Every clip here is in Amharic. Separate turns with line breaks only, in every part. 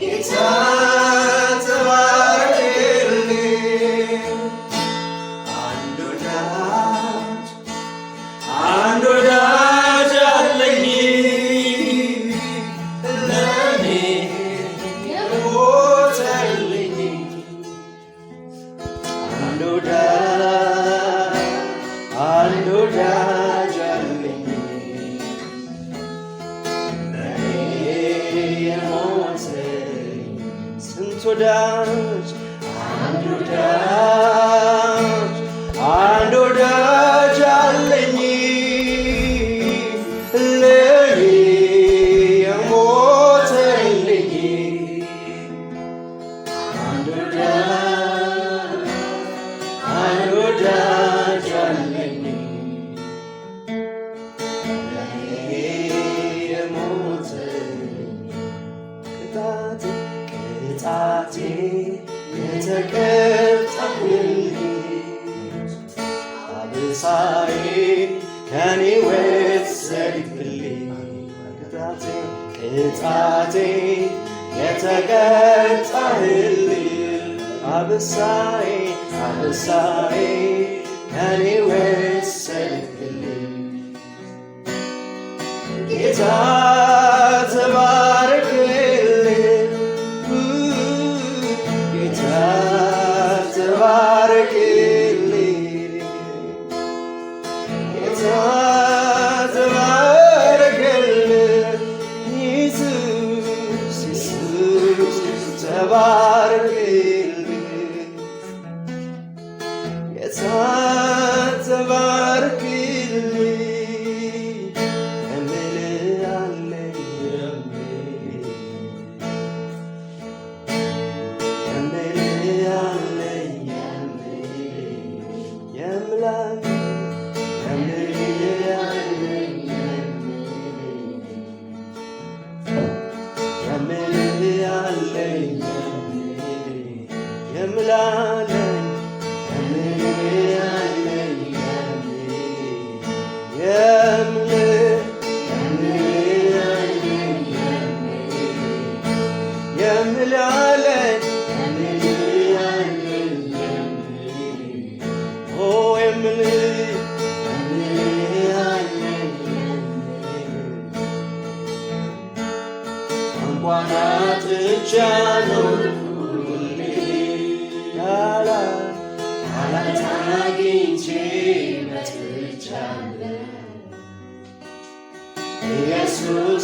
It's time. for and Hundred dance. ذكرت حولي عبصاري كان يوسقلي قطعتي يتقطعلي عبصاري عبصاري كان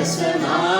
Christmas.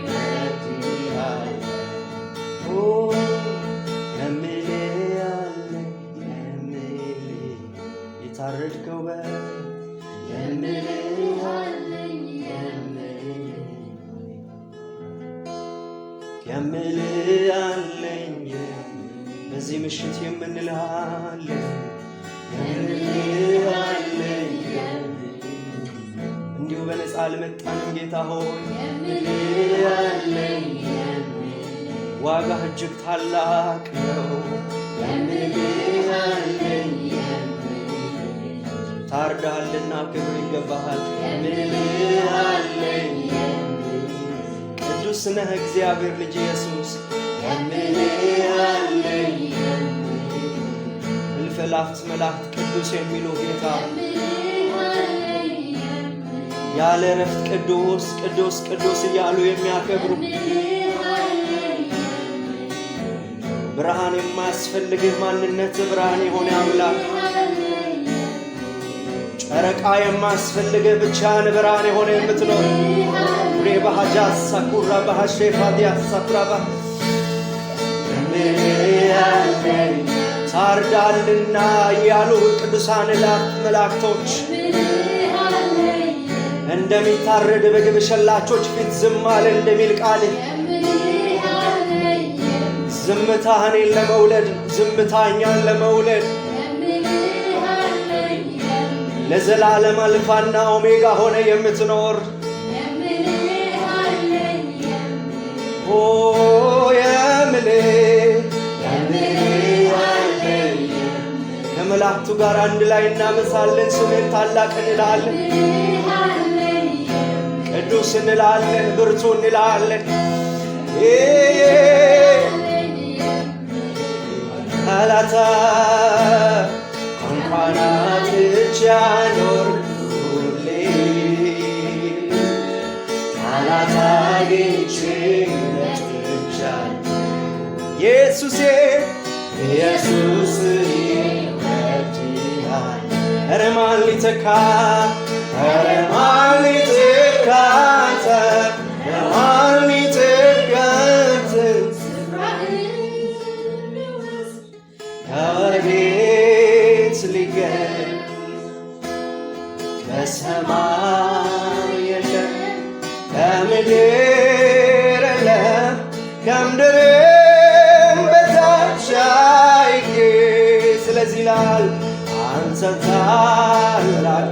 የምልአለኝ በዚህ ምሽት የምንልሃለን የምልአለኝ እንዲሁ በነፃ አልመጣንም ጌታ ሆይ የምልአለኝ እጅግ ታላቅ ነው የምልአለኝ ታርዳሃልና ክብር ይገባሃል የምልአለኝ ስነ ነህ እግዚአብሔር ልጅ ኢየሱስ እልፍ መላእክት ቅዱስ የሚሉ ጌታ ያለ እረፍት ቅዱስ ቅዱስ ቅዱስ እያሉ የሚያከብሩ ብርሃን የማያስፈልግህ ማንነት ብርሃን የሆነ አምላክ ጨረቃ የማያስፈልግህ ብቻን ብርሃን የሆነ የምትኖር Rebaha jassa, kurrabaha shefadia, ታርዳልና እያሉ ቅዱሳን ላት መላእክቶች እንደሚታረድ በግ በሸላቾች ፊት ዝም አለ እንደሚል ቃል ዝምታ እኔን ለመውለድ ዝምታ እኛን ለመውለድ ለዘላለም አልፋና ኦሜጋ ሆነ የምትኖር ከመላእክቱ ጋር አንድ ላይ እናመሳለን። ስምህን ታላቅ እንላለን፣ ቅዱስ እንላለን፣ ብርቱ እንላለን። አላታ ቋንቋናት ያኖር ሁሌ አላታ ጌቼ ኢየሱሴ ኢየሱስ ይረዳኛል። ኧረ ማን Santa la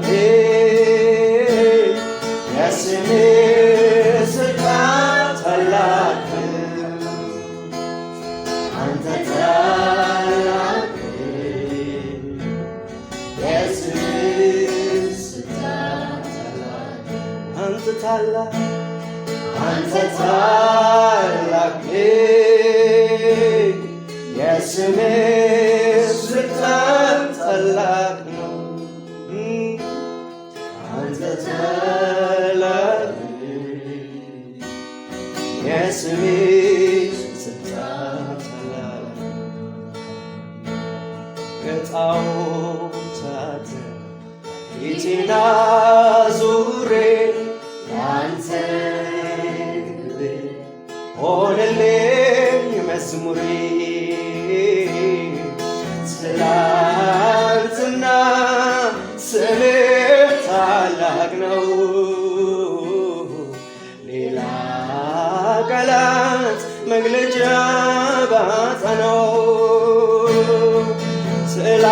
me. መግለጫ ባጸነው ስላ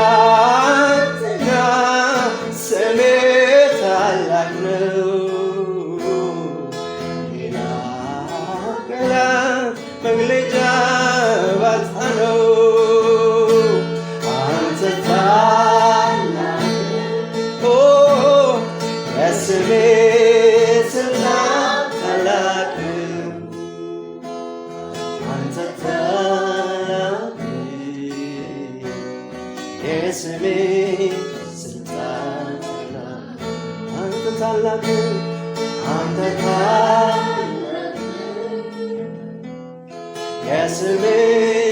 ስሜት ስታላ አንተ ታላቅ አንተ ታላቅ የስሜት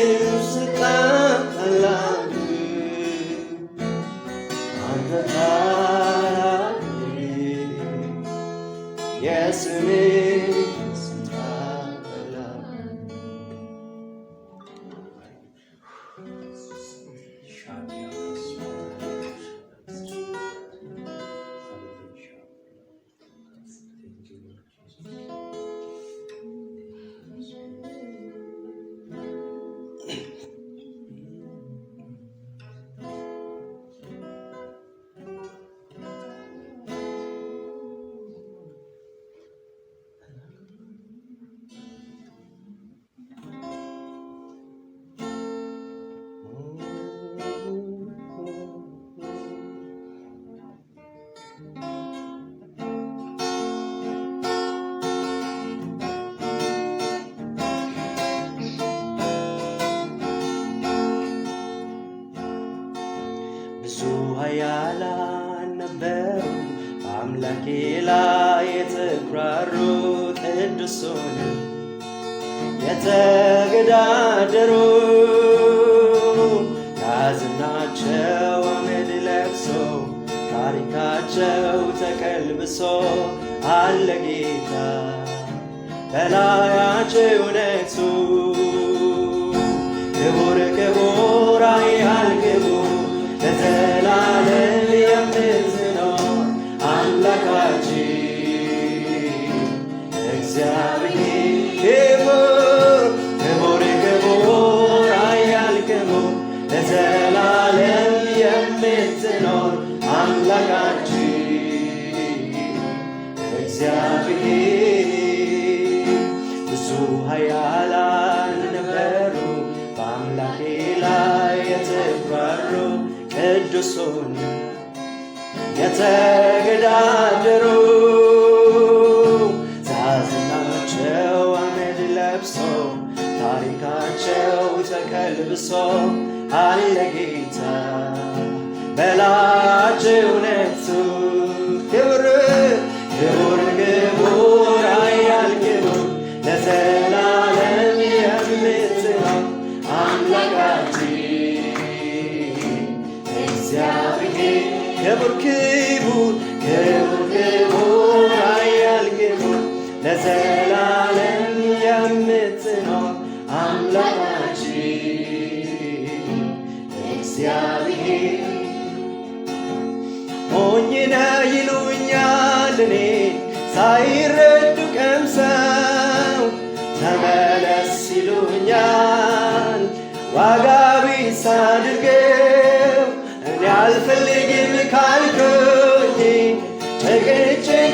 ሀዘናቸው አመድ ለብሶ ታሪካቸው ተቀልብሶ አለ ጌታ በላያቸው ነግሱ ክቡር ክቡር ኃያል ክቡር ለዘላለም የምትኖር አምላካችን እግዚአብሔር የምትኖር አምላካችን እግዚአብሔር ብዙ ኃያላን ነበሩ በአምላኬ ላይ የተባሩ ቅዱሱን የተገዳደሩ ዛዝናቸው አመድ ለብሶ ታሪካቸው ተቀልብሶ አለ ጌታ በላቸው ልኔ ሳይረዱ ቀምሰው ተመለስ ይሉኛል። ዋጋ ቢስ አድርገው እኔ አልፈልግም ካልኩኝ ጭቅጭቅ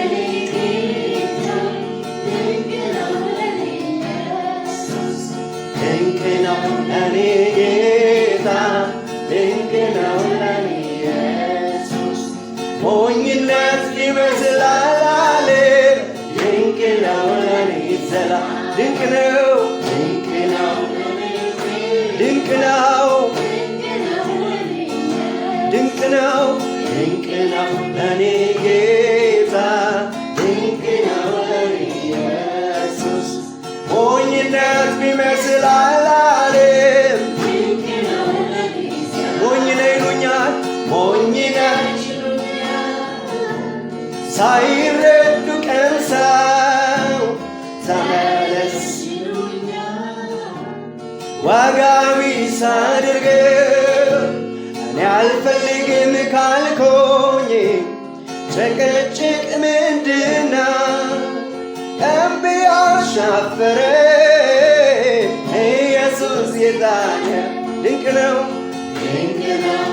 ነው ለኔ ድንቅ ነው ድንቅ ነው ድንቅ ነው ድንቅ ነው ለኔ ጌታ ድንቅ ነው ለኔ ኢየሱስ ሞኝነት ቢመስል አላለም ሞኝ ነ ይሉኛል ሞኝ ነህ ዋጋ ቢስ አድርገ እኔ አልፈልግም ካልኮኝ ጭቅጭቅ ምንድና ቀንብ አሻፈረ ኢየሱስ የዳነ ድንቅ ነው ድንቅ ነው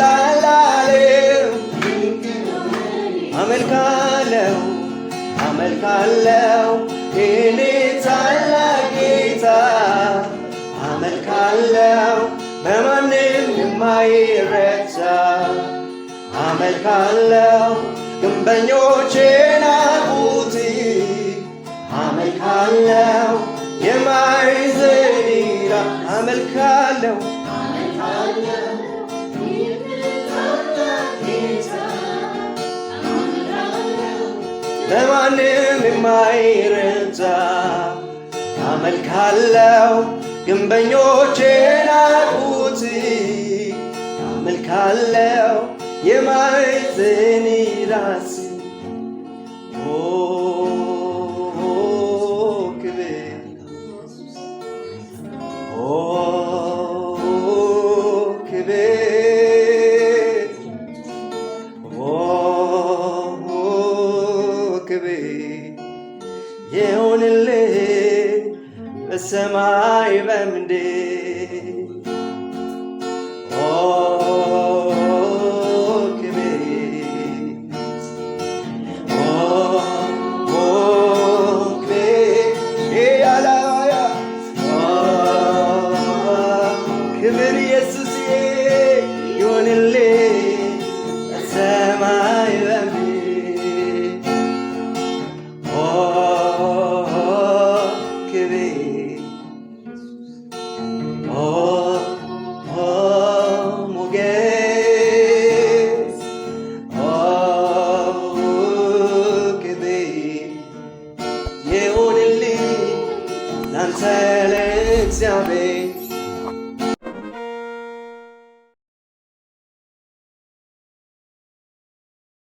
ላላለው አመልካለው አመልካለው የኔ ታላቅ ጌታ አመልካለው በማንም የማይረሳ አመልካለው አመልካለው የማይዘኒራ አመልካለው ለማንም የማይረዛ አመልካለው ግንበኞቼ ናቁት አመልካለው የማዕዘን ራስ